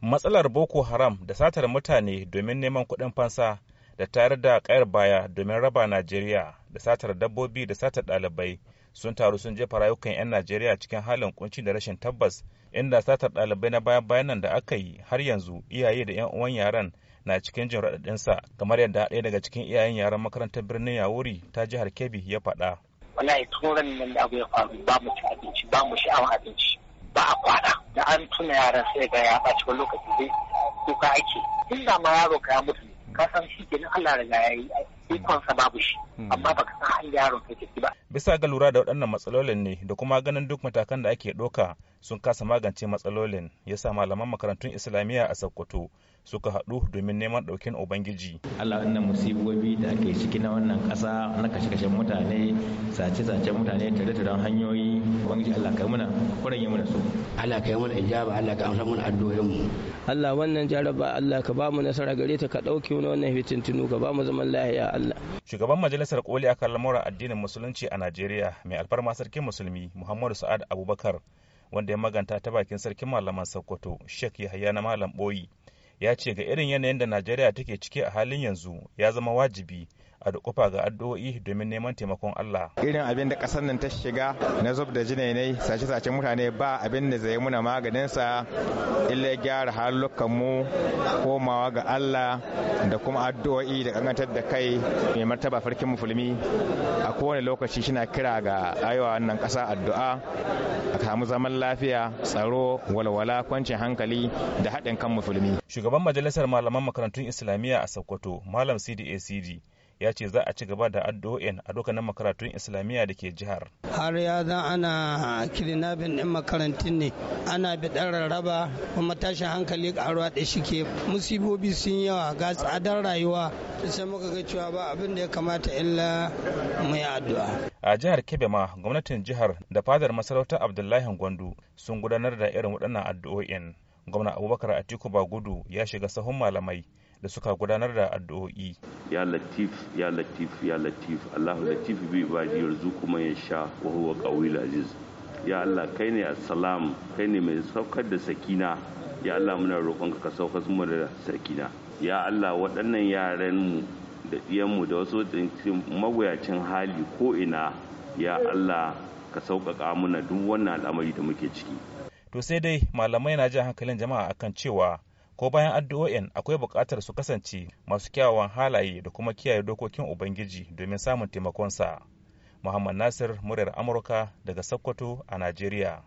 matsalar boko haram da satar mutane domin neman kuɗin fansa da tare da kayar baya domin raba najeriya da satar dabbobi da satar ɗalibai sun taru sun jefa rayukan 'yan najeriya cikin halin kunci da rashin tabbas inda satar ɗalibai na bayan bayan da aka yi har yanzu iyaye da 'yan uwan yaran na cikin jin raɗaɗinsa kamar yadda ɗaya daga cikin iyayen yaran makarantar birnin yawuri ta jihar kebbi ya faɗa wallahi turan nan da abu ya faru ba mu ci abinci ba mu sha'awar abinci ba a kwana tuna yaran sai ga ya ɓaci wani lokaci dai kuka ake tun da ma yaro ka ya mutu ka san shi kenan Allah riga ya yi ikonsa babu shi hmm. amma baka san har yaron ka ke ba. Bisa ga lura da waɗannan matsalolin ne da kuma ganin duk matakan da ake ɗauka sun kasa magance matsalolin ya sa malaman makarantun Islamiyya a Sokoto suka haɗu domin neman ɗaukin ubangiji allah wannan musibobi da ake ciki na wannan ƙasa na kashe-kashen mutane sace-sace mutane tare-taren hanyoyi ubangiji allah kai muna yi muna su allah kai muna ijaba allah ka amsa muna addu'o'in mu allah wannan jaraba allah ka ba mu nasara gare ta ka ɗauke mu wannan hitintinu ka ba mu zaman lahiya allah shugaban majalisar koli akan lamuran addinin musulunci a najeriya mai alfarma sarkin musulmi muhammadu sa'ad abubakar wanda ya maganta ta bakin sarkin malaman sokoto sheikh yahaya na malam boyi ya ce ga irin yanayin da najeriya take ciki a halin yanzu ya zama wajibi a dukufa ga addu'o'i domin neman taimakon Allah. Irin abin da kasar nan ta shiga na zub da ne sace-sace mutane ba abin da zai muna maganin sa illa gyara halukan mu komawa ga Allah da kuma addu'o'i da kankantar da kai mai martaba farkin musulmi a kowane lokaci na kira ga ayowa wannan kasa addu'a a kamu zaman lafiya tsaro walwala kwancin hankali da haɗin kan musulmi. Shugaban majalisar malaman makarantun Islamiyya a Sokoto Malam Sidi ACD ya ce za a ci gaba da addu'o'in a dukkanin makarantun islamiyya da ke jihar har ya zan ana bin din makarantun ne ana bidan rarraba kuma tashin hankali karuwa da shike musibobi sun yawa ga tsadar rayuwa sai muka ga cewa ba abin da ya kamata illa mu addu'a a jihar kebe ma gwamnatin jihar da fadar masarautar abdullahi gwandu sun gudanar da irin waɗannan addu'o'in gwamna abubakar atiku bagudu ya shiga sahun malamai da suka gudanar da addu'o'i ya latif ya latif ya latif Allahu latif bi ibadi kuma ya sha wa huwa qawil aziz ya Allah kai ne assalam kai ne mai saukar da sakina ya Allah muna roƙon ka saukar mu da sakina ya Allah waɗannan yaran mu da ɗiyanmu da wasu mawuyacin hali ko ina ya Allah ka sauƙaƙa muna duk wannan al'amari da muke ciki to sai dai malamai na jan hankalin jama'a akan cewa ko bayan addu'o'in akwai buƙatar su kasance masu kyawawan halaye da kuma kiyaye dokokin ubangiji domin samun taimakonsa muhammad nasir muryar amurka daga sokoto a najeriya